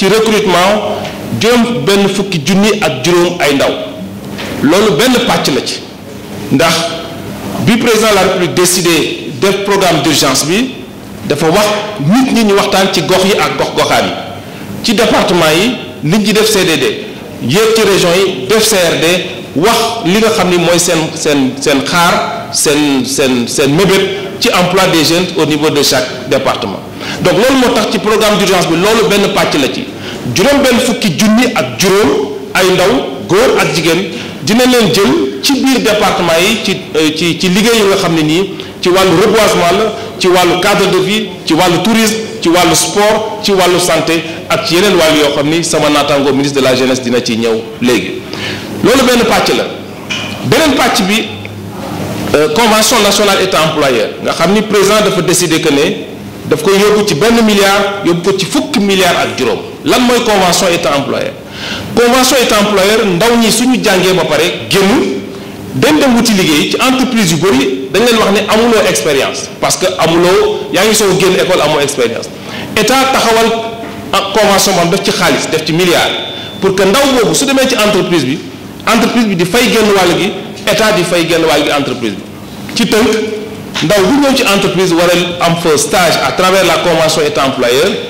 ci recrutement juróom benn fukki junni ak juróom ay ndaw la ci ndax bi président la république décidé def programme d'urgence bi dafa wax nit ñi ñu waxtaan ci gox yi département yi nit CDD ci yi def CRD wax li nga emploi des jeunes au niveau de chaque département donc loolu programme d'urgence juróom benn fukki junni ak juróom ay ndaw góor ak jigéen dina leen jël ci biir département yi ci euh, ci ci liggéey yu nga xam ne nii ci wàllu reboisement la ci wàllu cadre de vie ci wàllu tourisme ci wàllu sport ci wàllu santé ak ci yeneen wàllu yoo xam ni sama naataango ministre de la jeunesse dina ci ñëw léegi loolu benn pàcc la beneen pàcc bi euh, convention nationale état employeur nga xam ni président dafa décidé que ne daf koy yóbbu ci benn milliard yóbbu ko ci fukki milliards ak juróom lan mooy convention état employeur convention état employeur ndaw ñi suñu jàngee ba pare génn dem dem wuti liggéey ci entreprise yu bëri dañ leen wax ni amuloo expérience parce que amuloo yaa ngi soo génn école amoo expérience état taxawal ah, convention boo xam def ci xaalis def ci milliard pour que ndaw boobu su demee ci entreprise bi entreprise bi di fay génn wàll gi état di fay génn wàll gi entreprise bi ci tënk ndaw bu ñëw ci entreprise war am fa stage à travers la convention état employeur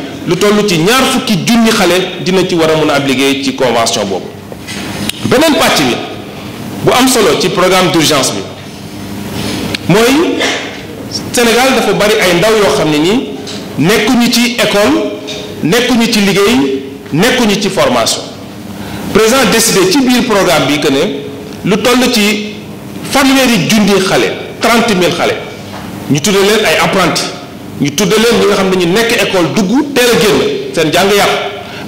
lu toll ci ñaar fukki junni xale dina ci war a mën a ab liggéey ci convention boobu beneen pàcc bi bu am solo ci programme d'urgence bi mooy Sénégal dafa bari ay ndaw yoo xam ne nii nekkuñu ci école nekkuñu ci liggéey nekkuñu ci formation président décidé ci biir programme bi que ne lu toll ci fanweeri junni xale trente mille xale ñu tuddee leen ay apprentis ñu tudde leen ñi nga xam ne ñu nekk ecole dugg teel a génn seen jàng yàqu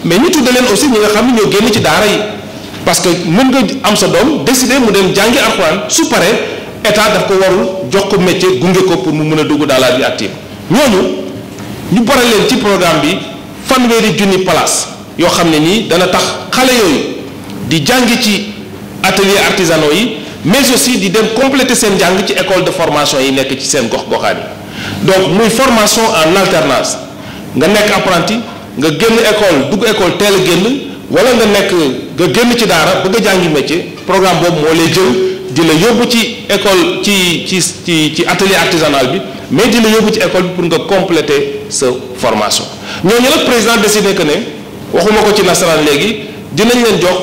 mais ñu tudde leen aussi ñi nga xam ne ñoo génn ci daara yi parce que mën nga am sa doom décider mu dem jàngi alxuraan su pare état daf ko warul jox ko métier gunge ko pour mu mën a dugg dans la vie active ñooñu ñu boole leen ci programme bi fanweeri junni place yoo xam ne nii dana tax xale yooyu di jàngi ci atelier artisanaux yi mais aussi di dem compléter seen jàng ci école de formation yi nekk ci seen gox goxaan yi donc muy formation en alternance nga nekk apprenti nga génn école dugg école teel a génn wala nga nekk nga génn ci daara bëgg a jàngi métier programme boobu moo lay jël dina la yóbbu ci école ci ci ci ci atelier artisanal bi mais dina la yóbbu ci école bi pour nga compléter sa formation ñooñu nag président de décidé que ne waxuma ko ci nasaraan léegi dinañ leen jox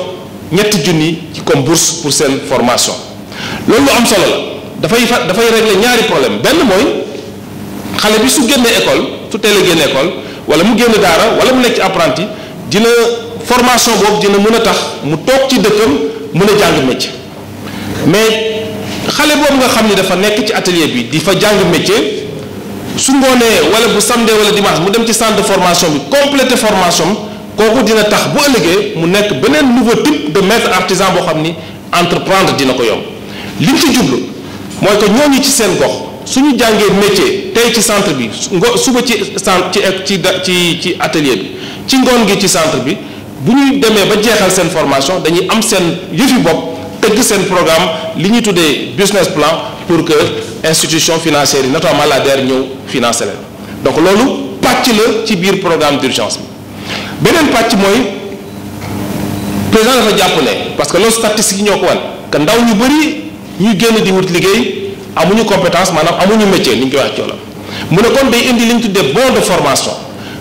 ñetti junni ci comme bourse pour seen formation loolu am solo la dafay fa dafay régler ñaari problème benn mooy. xale bi su génnee école su teel a génne école wala mu génn daara wala mu nekk ci apprenti dina formation boobu dina mën a tax mu toog ci dëkkam mën a jàng métier mais xale boobu nga xam ni dafa nekk ci atelier bi di fa jàng métier su ngoonee wala bu samedi wala dimanche mu dem ci centre de formation bi complété formation kooku dina tax bu ëllëgee mu nekk beneen nouveau type de maître artisan boo xam ni entreprendre dina ko yomb li ci jublu mooy que ñooñu ci seen gox suñu ñu jàngee métier tey ci centre bi ngo suba ci centre ci ci ci atelier bi ci ngoon gi ci centre bi bu ñuy demee ba jeexal seen formation dañuy am seen yëfi bopp tëgg seen programme li ñuy tuddee business plan pour que institution financière yi notamment la DER ñëw financé leen donc loolu pàcc la ci biir programme d'urgence bi beneen pàcc mooy président dafa jàpp ne parce que loolu statistiques yi ñoo ko wan que ndaw ñu bëri ñuy génn di wut liggéey amuñu compétence maanaam amuñu métier li ñu koy wax ci wolof mu ne kon day indi li ñu tuddee bon de formation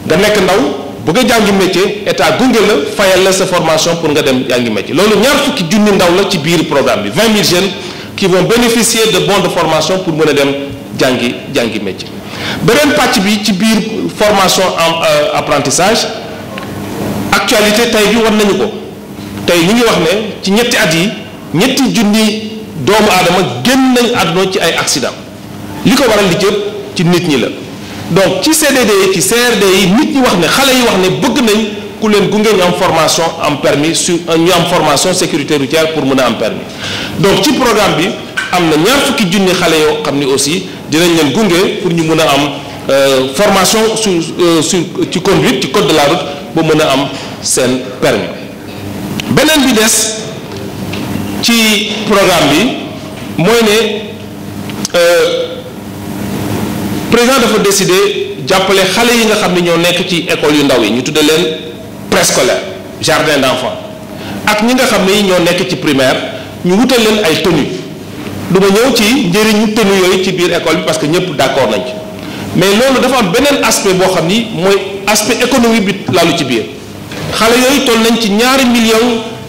nga nekk ndaw bëgg a jàngi métier état gunge la fayal la sa formation pour nga dem jàngi métier loolu ñaar fukki junni ndaw la ci biir programme bi 20 000 jeunes qui vont bénéficier de bons de formation pour mën a dem jàngi jàngi métier beneen pàcc bi ci biir formation en euh, apprentissage actualité tey bi war nañu ko tey ñu ngi wax ne ci ñetti at yi ñetti junni. doomu aadama génn nañ àdduna ci ay accident li ko waral li jëpp ci nit ñi la donc ci CDD yi ci CRD yi nit ñi wax ne xale yi wax ne bëgg nañ ku leen gunge ñu am formation am permis su ñu am formation sécurité routière pour mën a am permis donc ci programme bi am na ñaar fukki junni xale yoo xam ni aussi dinañ leen gunge pour ñu mën a am euh, formation su euh, su ci conduite ci code de la route ba mën a am seen permis beneen bi des. ci programme bi mooy ne euh, président dafa décider jàppale xale yi nga xam ne ñoo nekk ci école yu ndaw yi ñu tudde leen préscolaire jardin d'enfants ak ñi nga xam ne ñoo nekk ci primaire ñu wutal leen ay tenues du ma ñëw ci njëriñu tenues yooyu ci biir école bi parce que ñëpp d'accord nañ ci mais loolu dafa am beneen aspect boo xam ni mooy aspect économique bi lalu ci biir xale yooyu toll nañ ci ñaari millions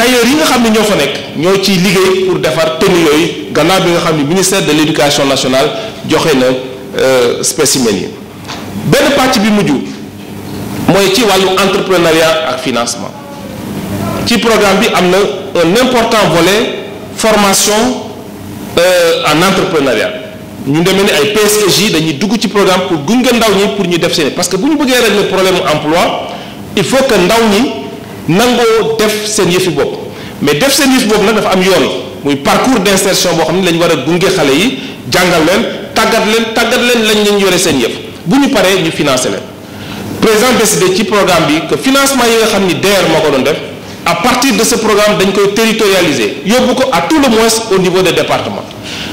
tailleur yi nga xam ne ñoo fa nekk ñoo ciy liggéey pour defar tenue yooyu gannaaw bi nga xam ne ministère de l' éducation nationale joxe na euh, spécimen yi benn pàcc bi mujj mooy ci wàllu entrepreneuriat ak financement ci programme bi am na un important volet formation euh, en entrepreneuriat ñu demee ni ay PSG dañuy dugg ci programme pour gunge ndaw ñi pour ñu def seen parce que bu ñu bëggee régler problème emploi il faut que ndaw ñi nango def seen yëfi bopp mais def seen yëfi bopp nag dafa am yoon muy parcours d'insertion boo xam ne la ñu war a gunge xale yi jàngal leen tàggat leen tàggat leen lañ leen yore seen yëf bu ñu paree ñu financé leen président décidé ci programme bi que financement yi nga xam ni DER moo ko doon def à partir de ce programme dañ koy territorialiser yóbbu ko à tout le moins au niveau des départements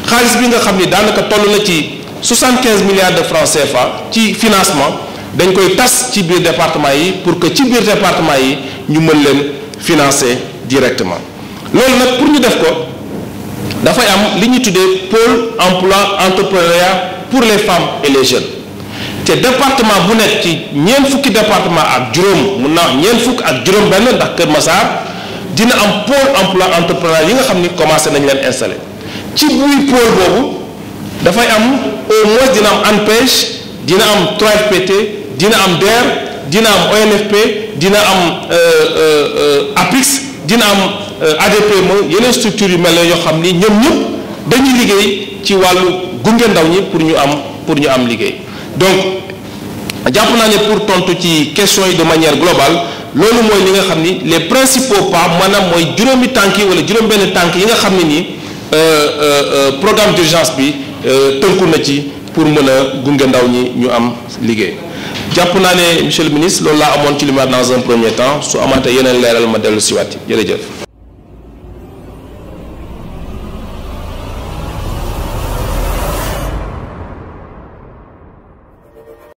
xaalis bi nga xam ni daanaka toll na ci 75 milliards de francs CFA ci financement dañ koy tas ci biir département yi pour que ci biir département yi ñu mën leen financer directement loolu nag pour ñu def ko dafay am li ñuy tuddee pôle emploi entrepreneuriat pour les femmes et les jeunes te département bu nekk ci ñeent fukki département ak juróom mun naa ñeent fukk ak juróom benn ndax Kër Massar dina am pôle emploi entrepreneuriat yi nga xam ni commencé nañ leen installé ci buy pôle boobu dafay am au moins dina am ANPEJ dina am 3FPT dina am DER dina am ONFP dina am euh, euh, euh, APIX dina am ADPME yeneen structures yu mel ne yoo xam ni ñoom ñëpp dañuy liggéey ci wàllu gunge ndaw ñi pour ñu am pour ñu am liggéey donc jàpp naa ne pour tontu ci question yi de manière globale loolu mooy li nga xam ni les principaux pas maanaam mooy juróomi tànk yi wala juróom-benn tànk yi nga xam ne nii programme d'urgence bi tënku na ci pour mën a gunge ndaw ñi ñu am liggéey jàpp naa ne monsieur le ministre loolu laa amoon ci li ma dans un premier temps su amaatee yeneen leeral ma dellu siwaat jërëjëf